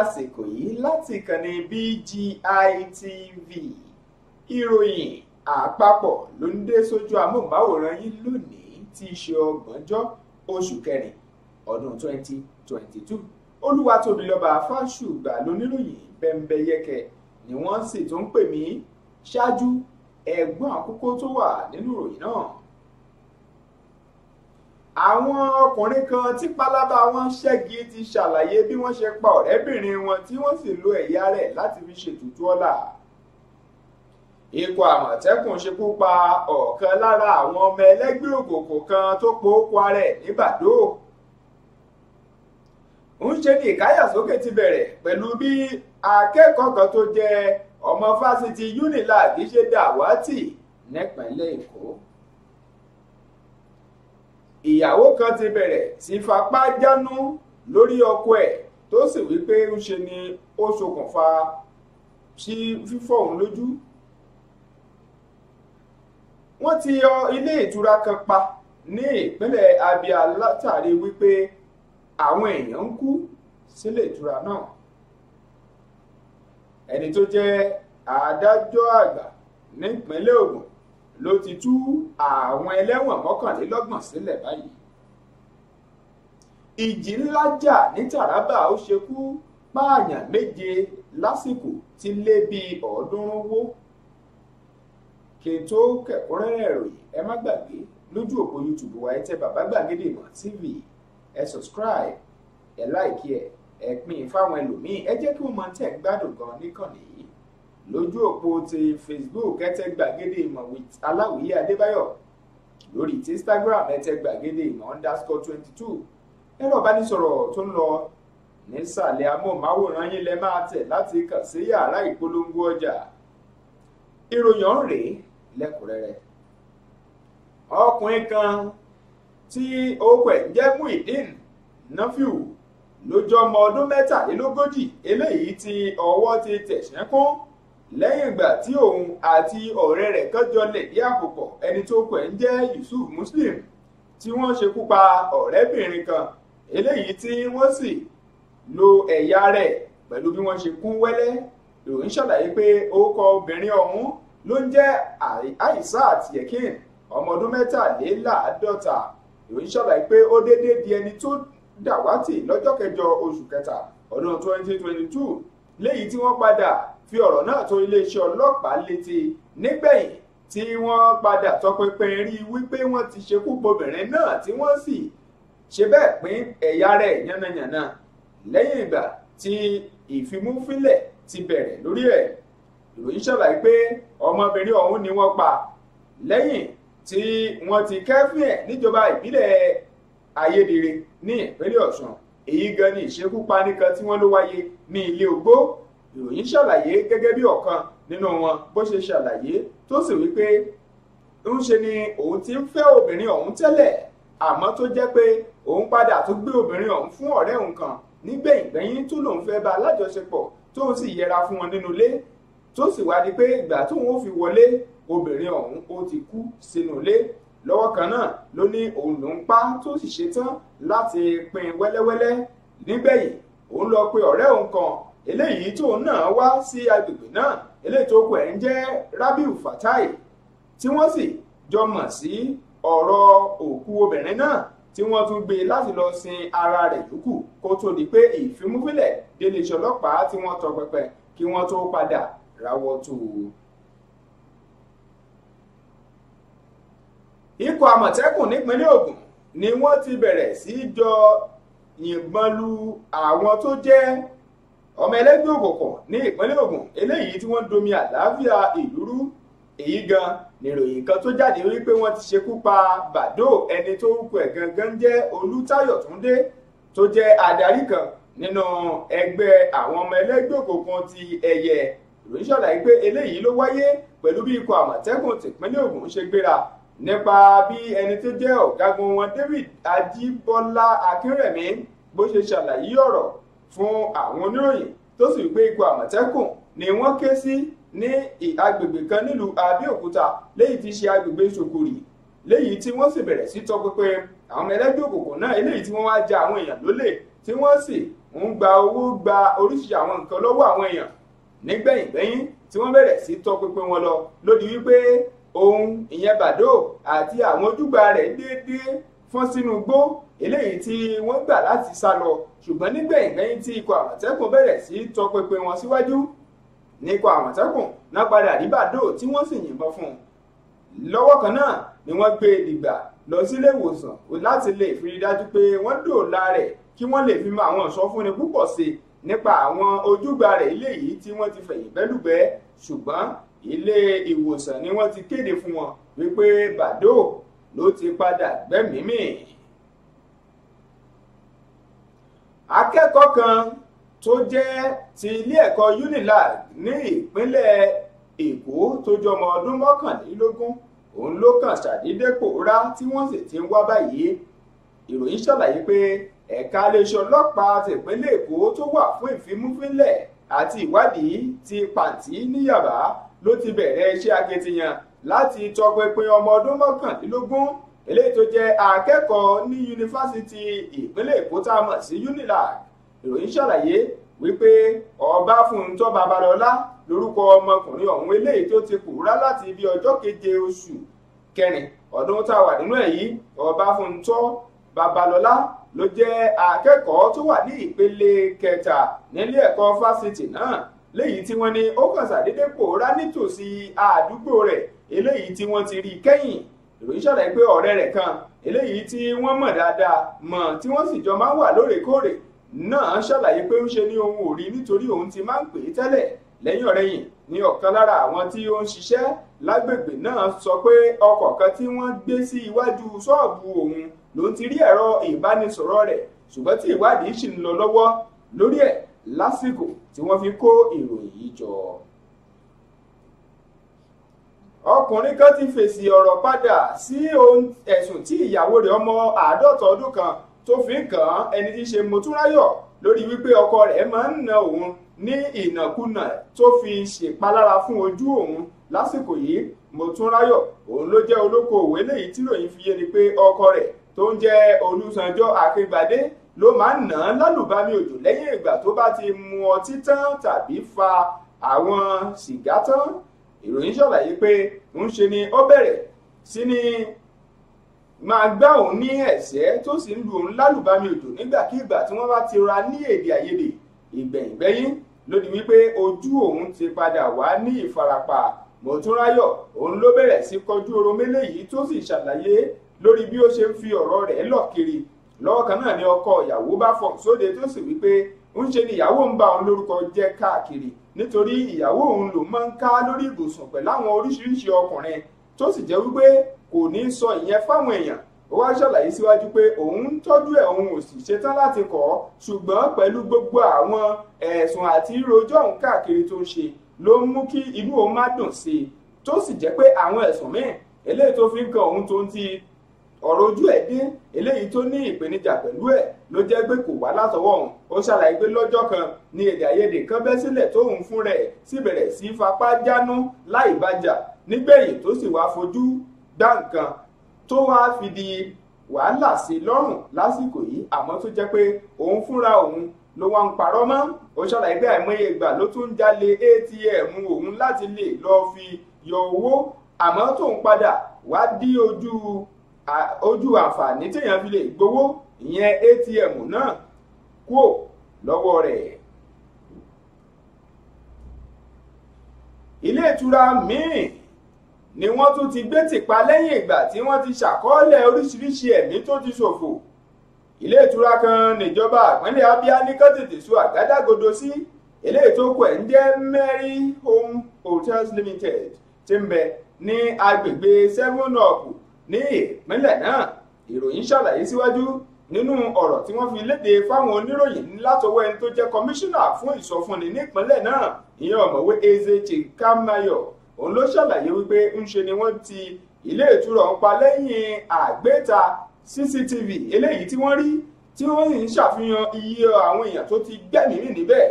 àsìkò yìí láti ìkànnì BGI TV ìròyìn àpapọ̀ ló ń dé sójú amóhùnmáwòrán yín lónìí tí í ṣe ọgbọ̀njọ́ oṣù kẹrin ọdún 2022 olúwatóbilọ́ba fáṣùgbà lóníròyìn bẹ́ńbẹ́yẹ́kẹ ni wọ́n sì tún ń pè mí ṣáájú ẹ̀gbọ́n àkókò tó wà nínú ìròyìn náà àwọn ọkùnrin kan tí pálábá wọn ṣẹ́gi ti ṣàlàyé bí wọ́n ṣe pa ọ̀rẹ́bìnrin wọn tí wọ́n sì lo ẹ̀yà rẹ̀ láti fi ṣètùtù ọ̀la ikọ̀ àmọ̀tẹ́kùn ṣekú pa ọ̀kan lára àwọn ọmọ ẹlẹ́gbẹ́ òkùnkùn kan tó pòókọ ara ẹ̀ nìbàdó ń ṣe ní ìkáyàsókè ti bẹ̀rẹ̀ pẹ̀lú bí akẹ́kọ̀ọ́ kan tó jẹ́ ọmọ fásitì UNILAG ṣe dàwátì nípínlẹ̀ Èkó ìyàwó kan ti bẹ̀rẹ̀ sí fapá jánú lórí ọkọ ẹ̀ tó sì wí pé ń ṣe ni ó ṣokùnfà sí fífọ́ òun lójú wọ́n ti yọ ilé ìtura kan pa ní ìpínlẹ̀ Abia látàrí wípé àwọn èèyàn ń kú sílé ìtura náà ẹni tó jẹ́ adájọ́ àgbà nípínlẹ̀ Ògùn ló ti tú àwọn ẹlẹ́wọ̀n mọ́kànlélọ́gbọ̀n sílẹ̀ báyìí ìjì ńlá jà ní Taraba ó ṣekú pààyàn méje lásìkò tí lé bíi ọ̀ọ́dúnrún wó kí n tó kẹ̀kúnrẹ́rẹ́ ìròyìn ẹ má gbàgbé lójú òpó YouTube wa ẹ tẹ bàbá gbàgede ìmọ̀ TV ẹ subscribe ẹ like ẹ ẹ pín in fáwọn ẹlòmíín ẹ jẹ́ kí wọ́n mọ̀ tẹ̀ ń gbádùn gan níkànnì lójú òpó ti facebook ẹtẹ gbàgede ìmọ̀ with aláwìyé adébáyọ̀ lórí ti instagram ẹtẹ gbàgede ìmọ̀ underscore twenty two ẹ̀rọ ìbánisọ̀rọ̀ tó ń lọ nísàlẹ̀ amóhùnmáwòrán yín lẹ máa tẹ̀ láti kàn sí yàrá ìpolongo ọjà ìròyìn ọ̀hún rèé lẹ́kùnrẹ́rẹ́ ọkùnrin kan tí orúkọ ẹ̀ ń jẹ́ Muideen Nafiu ló jọ ọmọ ọdún mẹ́tàlélógójì eléyìí tí ọwọ́ ti tẹ̀sán kún lẹ́yìn ìgbà tí òun àti ọ̀rẹ́ rẹ̀ kan jọ lẹ̀dí àpò pọ̀ ẹni tó pẹ̀ ń jẹ́ Yusuf Muslim tí wọ́n ṣekú pa ọ̀rẹ́bìnrin kan eléyìí tí wọ́n sì lo ẹ̀yà rẹ̀ pẹ̀lú bí wọ́n ṣe kún wẹ́lẹ́ lòun ṣàlàyé pé orúkọ obìnrin ọ̀hún ló ń jẹ́ Aisat Yekin ọmọ ọdún mẹ́tàléláàádọ́ta lòun ṣàlàyé pé ó déédéé di ẹni tó dàwátì lọ́jọ́ kẹjọ oṣù kẹta ọdún 2022 léyìí tí wọ́n padà fi ọ̀rọ̀ náà tó iléeṣẹ́ ọlọ́pàá létí nígbẹ̀yìn tí wọ́n padà tọpinpin rí wípé wọ́n ti ṣekú pobìnrin náà tí wọ́n sì ṣe bẹ́ẹ̀ pín ẹ̀yà rẹ̀ yánnayànna lẹ́yìn ìgbà tí ìfimúfínlẹ̀ ti bẹ̀rẹ̀ lórí ẹ̀ ìròyìn ṣàlàyé pé ọmọbìnrin ọ̀hún ni wọ́n pa lẹ́yìn tí wọ́n ti kẹ́fìn ẹ̀ níjọba ìbílẹ̀ ayédèrè ní ìpínlẹ̀ ọ̀ṣun èyí gan ni ìṣekúpani kan tí wọ́n ló wáyé ní ilé ogbó ìròyìn ṣàlàyé gẹ́gẹ́ bí ọ̀kan nínú wọn bó ṣe ṣàlàyé tó sì wípé ń ṣe ni òun ti ń fẹ́ obìnrin ọ̀hún tẹ́lẹ̀ àmọ́ tó jẹ́ pé òun padà tó gbé obìnrin ọ̀hún fún ọ̀rẹ́ òun kan nígbẹ̀yìngbẹ̀yìn tó lòun fẹ́ bá alájọṣepọ̀ tóun sì yẹra fún wọn nínú ilé tó sì wá di pé ìgbà tóun ó fi wọlé obìnrin ọ̀hún ó ti kú sínú ilé lọ́wọ́ kan náà ló ní òun lòún pa tó sì ṣetán láti pín wẹ́lẹ́wẹ́lẹ́ nígbẹ̀yìn òun lọ pe ọ̀rẹ́ òun kan eléyìí tóun náà wá sí agbègbè náà eléyìí tó kọ ẹ̀ ń jẹ́ Rabiu Fatai tí wọ́n sì jọ mọ̀ sí ọ̀rọ̀ òkú obìnrin náà tí wọ́n tún gbé láti lọ sin ara rẹ̀ yòókù kó tó di pé ìfimúfilẹ̀ délé iṣẹ́ ọlọ́pàá tí wọ́n tọpẹpẹ kí wọ́n tó padà ráwọ́ tó o. ikọ̀ àmọ̀tẹ́kùn nípínlẹ̀ Ògùn ni wọ́n ti bẹ̀rẹ̀ sí í jọ yìnbọn lu àwọn tó jẹ́ ọmọ ẹlẹ́gbẹ́ òkùnkùn ní ìpínlẹ̀ Ògùn eléyìí tí wọ́n domi àlàáfíà ìlú rú èyí gan níròyìn kan tó jáde wípé wọ́n ti ṣekú pa bàdó ẹni tó kọ ẹ̀ gangan jẹ́ Olútáyọ̀ Túndé tó jẹ́ adarí kan nínú ẹgbẹ́ àwọn ọmọ ẹlẹ́gbẹ́ òkùnkùn ti ẹ̀yẹ ìròyìn ṣàlàyé pé eléyìí ló wáyé pẹ̀lú bí ikọ̀ àmọ̀tẹ́kùn tìpínlẹ̀ Ògùn ṣe gbéra nípa bí ẹni tó jẹ́ ọ̀gágun wọn David Ajíbọ́lá Akínrẹ̀mí bó ṣe ṣàlàyé ọ̀rọ̀ fún àwọn oníròyìn tó sì pé ikọ̀ àmọ̀tẹ́kùn ni wọ́n ké sí ní agbègbè kan nílùú Abẹ́òkúta léyìí tí ṣe agbègbè Ṣòkòrì léyìí tí wọ́n sì bẹ̀rẹ̀ sí tọpinpin àwọn ọmọ ẹlẹ́gbẹ́ òkùnkùn náà eléyìí tí wọ́n wá ja àwọn èèyàn lólè tí wọ́n sì ń gba owó gba oríṣiríṣi àwọn nǹkan lọ́wọ́ àwọn èèyàn nígbẹ̀yìngbẹ̀yìn tí wọ́n bẹ̀rẹ̀ sí tọpinpin wọn lọ lódì wípé òun ìyẹn bàdó àti àwọn ojúgbà rẹ̀ déédéé fọ́n sínú igbó eléyìí tí wọ́n gbà láti sá lọ ṣùgbọ́n nígbẹ̀yìngbẹ́yìn tí ikọ̀ àmọ̀tẹ́kùn bẹ̀rẹ̀ sí tọpinpin wọn síwájú ní ikọ̀ àmọ̀tẹ́kùn náà padà rí bàdó tí wọ́n sì yìnbọn fún un lọ́wọ́ kan náà ni wọ́n gbé dìgbà lọ sílé ìwòsàn láti lè fi dájú pé wọ́n dòòlà rẹ̀ kí wọ́n lè fi mọ àwọn ìsọfúnni púpọ̀ sí i nípa àwọn ojúgbà rẹ̀ ilé yìí tí wọ́n ti fẹ̀yìn bẹ́lùbẹ́ ṣùgbọ́n ilé ìwòsàn ni wọ́n ti kéde fún wọn wípé bàdó ló ti padà gbẹ́mìí mì. akẹ́kọ̀ọ́ kan tó jẹ́ ti ilé ẹ̀kọ́ unilag ní ìpínlẹ̀ èkó tó jọmọ ọdún mọ́kànlélógún òun ló kàn ṣàdédé pòórá tí wọ́n sì ti ń wá báyìí ìròyìn ṣàlàyé pé ẹ̀ka iléeṣẹ́ ọlọ́pàá tìpínlẹ̀ èkó tó wà fún ìfimúfínlẹ̀ àti ìwádìí ti pàǹtí ní yàbá ló ti bẹ̀rẹ̀ iṣẹ́ akitiyan láti tọpinpin ọmọ ọdún mọ́kànlélógún eléyìí tó jẹ́ akẹ́kọ̀ọ́ ní yunifásitì ìpínlẹ̀ èkó tá a mọ̀ sí unilag ìròyìn ṣàlàyé wípé ọbáfúntọ́ babalọ́lá lórúkọ ọmọkùnrin ọ̀hún eléyìí tó ti pòórá láti ibi ọjọ́ keje oṣù kẹrin ọdún tá a wà nínú ẹ̀ yìí ọbáfúntọ́ babalọ́lá ló jẹ́ akẹ́kọ̀ọ́ tó wà ní ìpele kẹta nílé ẹ̀kọ́ fásitì náà léyìí tí wọ́n ní ó kàn ṣàdédé pòórá nítòsí àdúgbò rẹ̀ eléyìí tí wọ́n ti rí kẹ́yìn ìròyìn ṣàlàyé pé ọ̀rẹ́ rẹ̀ kan eléyìí tí wọ́n mọ̀ dáadáa mọ̀ tí wọ́n sì jọ máa ń wà lóòrèkóòrè náà ṣàlàyé pé ń ṣe ní ohun òrí nítorí òun ti máa ń pè é tẹ́lẹ̀ lẹ́yìn ọ̀rẹ́yìn ni ọ̀kan lára àwọn tí ó ń ṣiṣẹ́ lágbègbè náà sọ pé ọkọ̀ kan tí wọ́n gbé sí iwájú ṣọ́ọ̀bù òun ló ti rí ẹ̀rọ ìbánisọ̀rọ̀ rẹ̀ ṣùgbọ́n tí ìwádìí ṣì ń lọ lọ́wọ́ lórí ẹ̀ lásìkò tí wọ́n fi kó ìròyìn yìí jọ ọkùnrin kan ti fèsì ọ̀rọ̀ padà sí ẹ̀sùn tí ìyàwó rẹ̀ ọmọ àádọ́ta ọdún kan tó fi ń kàn án ẹni tí í ṣe motúnráyọ̀ lórí wípé ọkọ rẹ̀ máa ń na òun ní ìnàkúnà tó fi ṣèpalára fún ojú òun lásìkò yìí motúnráyọ̀ òun ló jẹ́ olókoòwò eléyìí tí ròyìn fi yé ni pé ọkọ rẹ̀ tó ń jẹ́ olùsànjọ́ akíngbadé ló máa ń nà án lálùbami òjò lẹ́yìn ìgbà tó bá ti mu ọtí tán tàbí fa àwọn sìgá tán ìròyìn ṣàlàyé pé ń ṣe ni ó bẹ̀rẹ̀ sí ni máa gbá òun ní ẹ̀sẹ́ tó sì ń lu òun lálùbami òjò nígbàkigbà tí wọ́n bá ti ra ní èdè àìyedè ìgbẹ̀yìngbẹ́yìn ló di wípé ojú òun ti padà wá ní ìfarapa mọ̀túnráyọ̀ òun ló bẹ̀rẹ̀ sí kọjú oró méléyìí tó sì ṣàlàyé lórí bí ó ṣe ń fi ọ̀rọ̀ rẹ̀ lọ̀ kiri lọ́wọ́ kan náà ni ọkọ ìyàwó bá fọ̀ sóde tó sì wípé ń ṣe ni ìyàwó ń ba òun lórúkọ jẹ́ káàkiri nítorí ìyàwó òun lòun máa ń ká lórí ìbùsùn pẹ̀lú àwọn oríṣiríṣi ọkùnrin tó sì jẹ́ wípé kò ní sọ ìyẹn fáwọn èèyàn ó wá ṣàlàyé síwájú pé òun ń tọ́jú ẹ̀ òun ò sì ṣetán láti kọ̀ ọ́ ṣùgbọ́n pẹ̀lú gbogbo àwọn ẹ̀sùn àti rojọ́ òun káàkiri tó ń ṣe ló ń mú kí inú òun má dùn sí i tó sì jẹ́ pé àwọn ẹ̀sùn míì eléyìí tó fi ń kan òun tó ń ti ọ̀rọ̀ ojú ẹ̀ dín eléyìí tó ní ìpèníjà pẹ̀lú ẹ̀ ló jẹ́ pé kò wá látọwọ́ òun ó ṣàlàyé pé lọ́jọ́ kan ni èdè àìyedè kan bẹ́ sílẹ̀ tóun fún rẹ̀ sì bẹ̀rẹ̀ sí fapá jánú láì bájà nígbẹ̀yìn tó sì wá fojú gbá nǹkan tó wá fi di wàhálà sí lọ́rùn lásìkò yìí àmọ́ tó jẹ́ pé òun fúnra òun ló wá ń parọ́ mọ́ ó ṣàlàyé pé àìmọye ìgbà ló tún jalè atm òun láti lè lọ́ọ́ fi yọ owó àmọ́ tóun padà wá dí ojú ojú àǹfààní téèyàn fi lè gbowó ìyẹn atm náà kúò lọ́wọ́ rẹ̀. ilé ìtura míì ni wọ́n tún ti gbé tìpa lẹ́yìn ìgbà tí wọ́n ti ṣàkọọ́lẹ̀ oríṣiríṣi ẹ̀mí tó ti ṣòfò ilé ìtura kan níjọba àpínlẹ̀ Abia ní kán tètè so àgádágodo sí eléyìí tó kù ẹ̀ ń jẹ́ Mary Home Hotels Limited tí ń bẹ ní agbègbè seven up ní ìpínlẹ̀ náà ìròyìn ṣàlàyé síwájú nínú ọ̀rọ̀ tí wọ́n fi léde fáwọn oníròyìn látọwọ́ ẹni tó jẹ́ kọmíṣánná fún ìsọfúnni nípínlẹ̀ náà ìyẹn ọ̀mọ̀wé eze chikamayo òun ló ṣàlàyé wípé ńṣe ni wọ́n ti ilé ìtura ọ̀hún pa lẹ́yìn àgbéta cctv eléyìí tí wọ́n rí tí wọ́n sì ń ṣàfihàn iye àwọn èèyàn tó ti gbẹ̀mí mì níbẹ̀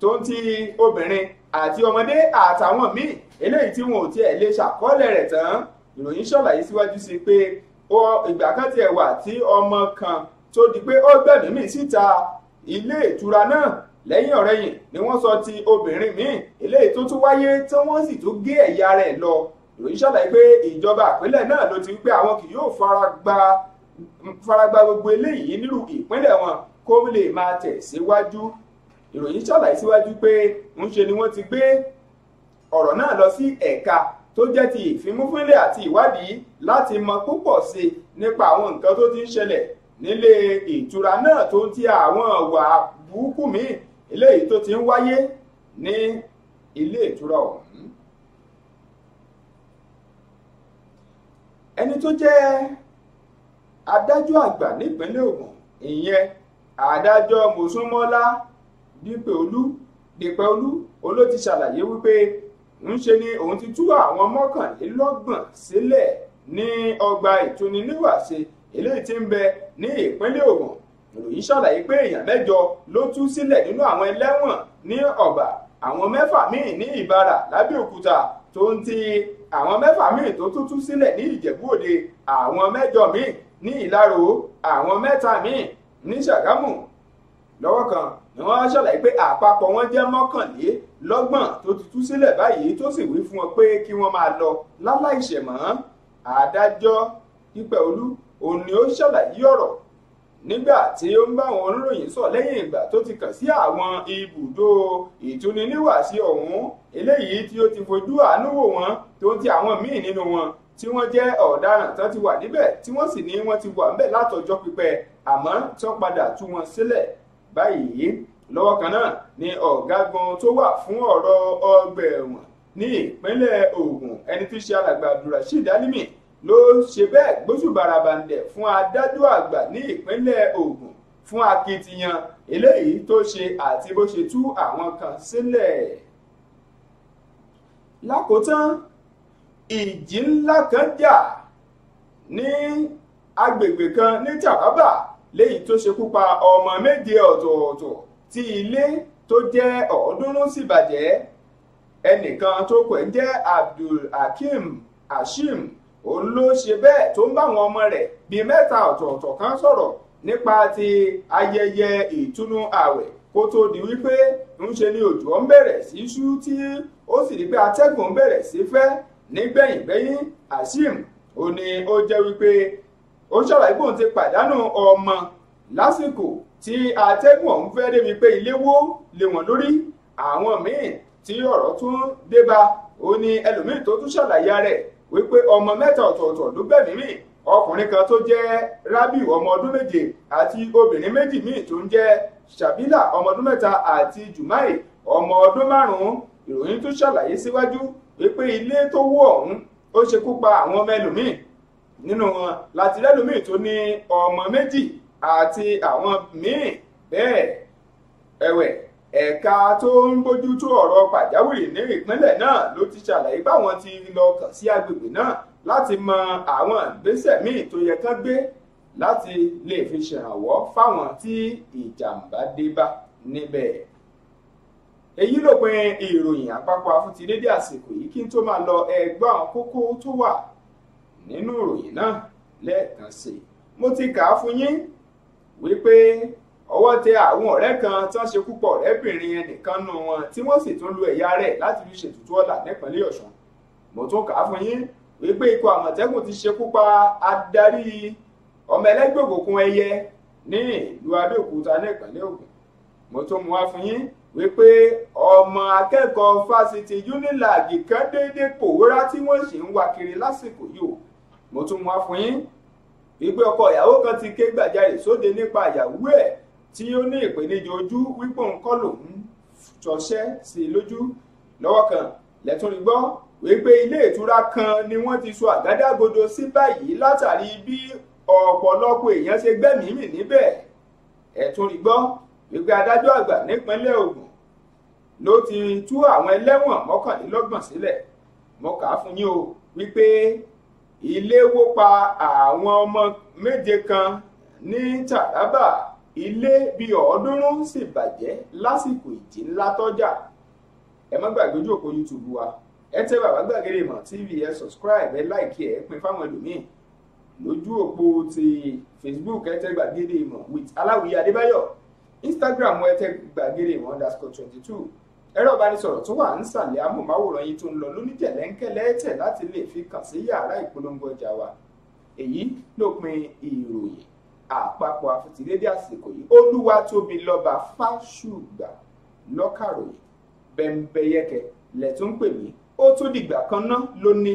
tó ń ti obìnrin àti ọmọdé àtàwọn míì eléyìí tí wọn ò tiẹ̀ lè ṣàkọọ́lẹ̀ rẹ̀ tán ìròyìn ṣàlàyé síwájú sí pé ìgbà kan tiẹ̀ wà tí ọmọ kan tó di pé ó gbẹ̀mí mì síta ilé ìtura náà lẹ́yìn ọ̀rẹ́yìn ni wọ́n sọ ti obìnrin míì eléyìí tó tún wáyé tí wọ́n sì tún gé ẹ̀yà rẹ̀ lọ ìròyìn ṣàlàyé pé ìjọba ìpínlẹ̀ náà ló ti wípé àwọn kì yóò faragbá gbogbo eléyìí nírú ìpínlẹ̀ wọn kó lè máa tẹ̀ síwájú ìròyìn ṣàlàyé síwájú pé ńṣe ni wọ́n ti gbé ọ̀rọ̀ náà lọ sí ẹ̀ka tó jẹ́ ti ìfimúfínlẹ̀ àti ìwádìí láti mọ púpọ̀ sí i nípa àwọn nǹkan tó ti ń ṣẹlẹ̀ nílé ìtura náà tó ń ti àwọn ìwà burúkú míì eléyìí tó ti ń wáyé ní ilé ìtura ọ̀hún. ẹni tó jẹ́ adájọ́ àgbà nípínlẹ̀ Ògùn ìyẹn adájọ́ mòsúnmọ́lá dípẹ́ olú dípẹ́ ṣàlàyé wípé ńṣe ni òun ti tú àwọn mọ́kànlélọ́gbọ̀n sílẹ̀ ní ọgbà ìtúniníwàṣe eléyìí tí ń bẹ ní ìpínlẹ̀ Ògùn ìròyìn ṣàlàyé pé èèyàn mẹ́jọ ló tú sílẹ̀ nínú àwọn ẹlẹ́wọ̀n ní ọgbà àwọn mẹ́fà míì ní Ìbàrà lábẹ́òkúta tó ń ti àwọn mẹ́fà míì tó tún tú sílẹ̀ ní Ìjẹ̀bú Òde àwọn mẹ́jọ míì ní Ìlaró àwọn mẹ́ta míì ní Ṣàgámù lọ́wọ́ kan ni wọ́n ṣàlàyé pé àpapọ̀ wọn jẹ́ mọ́kànlélọ́gbọ̀n tó ti tú sílẹ̀ báyìí tó sì wí fún wọn pé kí wọ́n máa lọ láláìṣẹ̀mọ́ adájọ́ Ìpẹ́olú òun ni ó ṣàlàyé ọ̀rọ̀ nígbà tí ó ń bá àwọn oníròyìn sọ lẹ́yìn ìgbà tó ti kàn sí àwọn ibùdó ìtúniníwàásí ọ̀hún eléyìí tí ó ti fojú àánú wò wọ́n tó ti àwọn míì nínú wọn tí wọ́n jẹ́ ọ̀daràn tán ti wà níbẹ̀ tí wọ́n sì ní wọ́n ti wà níbẹ̀ látọjọ́ pípẹ́ àmọ́ tí wọ́n padà tú wọn sílẹ̀ báyìí lọ́wọ́ kan náà ni ọ̀gágun tó wà fún ọ̀rọ̀ ọgbà ẹ̀wọ̀n ní ìpínlẹ̀ Ògùn ẹni tí í ṣe alàgbà Abdulrasheed Alimi ló ṣe bẹ́ẹ̀ gbóṣù barabandẹ̀ fún adájọ́ àgbà ní ìpínlẹ̀ Ògùn fún akitiyan eléyìí tó ṣe àti bó ṣe tú àwọn kan sílẹ̀. lákòótán ìjì ńlá kan jà ní agbègbè kan ní Taraba léyìí tó ṣekú pa ọmọ méje ọ̀tọ̀ọ̀tọ̀ tí ilé tó jẹ́ ọ̀ọ́dúnrún sì bàjẹ́ ẹnìkan tó pẹ̀ ń jẹ́ Abdulhakeem Hashim òun ló ṣe bẹ́ẹ̀ tó ń bá àwọn ọmọ rẹ̀ bíi mẹ́ta ọ̀tọ̀ọ̀tọ̀ kan sọ̀rọ̀ nípa ti ayẹyẹ ìtúnú ààwẹ̀ kó tó di wípé ń ṣe ni òjò ń bẹ̀rẹ̀ sí ṣú tí ó sì rí pé atẹ́gùn ń bẹ̀rẹ̀ sí fẹ́ nígbẹ̀yìngbẹ̀yìn Hashim ó ní ó jẹ́ wípé ó ṣàlàyé bóun ti pàdánù ọmọ lásìkò tí atẹ́gùn ọ̀hún fẹ́ débi pé ilé wó lé wọn lórí àwọn míì tí ọ̀rọ̀ tún débá ó ní ẹlòmíì tó tún ṣàlàyé rẹ̀ wípé ọmọ mẹ́ta ọ̀tọ̀ọ̀tọ̀ ló gbẹ̀mí mì ọkùnrin kan tó jẹ́ rábìù ọmọ ọdún méje àti obìnrin méjì míì tó ń jẹ́ sàbílà ọmọ ọdún mẹ́ta àti jùmáì ọmọ ọdún márùn-ún ìròyìn tún ṣàlàyé síwájú wípé ilé tó wó ọ̀hún ó ṣekú pa àwọn ọmọ ẹlòmíì nínú wọn láti rẹ́lòmíì tó ní ọmọ méjì àti àwọn míì bẹ́ẹ̀ ẹ̀wẹ̀ ẹ̀ka tó ń bójú tó ọ̀rọ̀ pàjáwìrì ní ìpínlẹ̀ náà ló ti ṣàlàyé báwọn ti lọ kàn sí agbègbè náà láti mọ àwọn ìgbésẹ̀ míì tó yẹ kán gbé láti lè fi ṣèrànwọ́ fáwọn tí ìjàmbá dé bá níbẹ̀ èyí ló pin ìròyìn àpapọ̀ afúntilédè àsìkò yìí kí n tó máa lọ ẹgbọ́n kókó tó wà nínú ìròyìn náà lẹ́ẹ̀kan sí i mo ti kà á fún yín wípé ọwọ́ tẹ àwọn ọ̀rẹ́ kan tí wọ́n ṣekú pa ọ̀rẹ́bìnrin ẹnìkan nù wọn tí wọ́n sì tún lu ẹ̀yà rẹ̀ láti fi ṣètùtù ọ̀la nípínlẹ̀ ọ̀ṣun mo tún kà á fún yín wípé ikọ̀ àmọ̀tẹ́kùn ti ṣekú pa adarí ọmọ ẹlẹ́gbẹ́ òkùnkùn ẹyẹ ní ìlú abẹ́òkúta nípínlẹ̀ ògùn mo tún mú wá fún yín wípé ọmọ akẹ́kọ̀ọ́ fásitì unilag kan déédéé pòórá tí wọ́n sì ń wá lásìkò yìí mo tún wá fún yín ìgbé ọkọ ìyàwó kan ti ké gbàjarè sóde nípa ìyàwó ẹ̀ tí ó ní ìpèníjà ojú wípé òun kọ́ lòun ṣọṣẹ́ sí i lójú lọ́wọ́ kan lẹ́tún rí gbọ́ wípé ilé ìtura kan ni wọ́n ti sọ àgádágodo sí báyìí látàrí bí ọ̀pọ̀lọpọ̀ èèyàn ṣe gbẹ́mìí mì níbẹ̀ ẹ̀tún rí gbọ́ wípé adájọ́ àgbà nípínlẹ̀ Ògùn ló ti tú àwọn ẹlẹ́wọ̀n mọ́kànlélọ́gbọ̀n sílẹ̀ mo kà á fún yín o wípé ilé wó pa àwọn ọmọ méje kan ní Taraba ilé bíi ọ̀ọ́dúnrún sì bàjẹ́ lásìkò ìjì ńlá tọ́jà ẹ má gbàgbé ojú òpó YouTube wa ẹ tẹ bàbá gbàgede ìmọ̀ TV ẹ subscribe ẹ like ẹ pin fáwọn ẹlòmíín lójú òpó ti Facebook ẹ tẹ gbàgede ìmọ̀ with aláwìyí adébáyọ̀ Instagram ẹ tẹ gbàgede ìmọ̀ underscore twenty two ẹ̀rọ ìbánisọ̀rọ̀ tó wà nísàlẹ̀ amóhùnmáwòrán yìí tó ń lọ lóníjẹ̀lẹ́ńkẹ́lẹ́ tẹ̀ láti lè fi kàn sí yàrá ìpolongo ọjà wa èyí lópin ìròyìn àpapọ̀ àfitìlédè àsìkò yìí olúwa tóbi lọ́ba fáṣùgbà lọ́kàròyìn bẹ́ńbẹ́yẹ́kẹ́ lẹ̀ tó ń pè mí ó tún dìgbà kan ná ló ní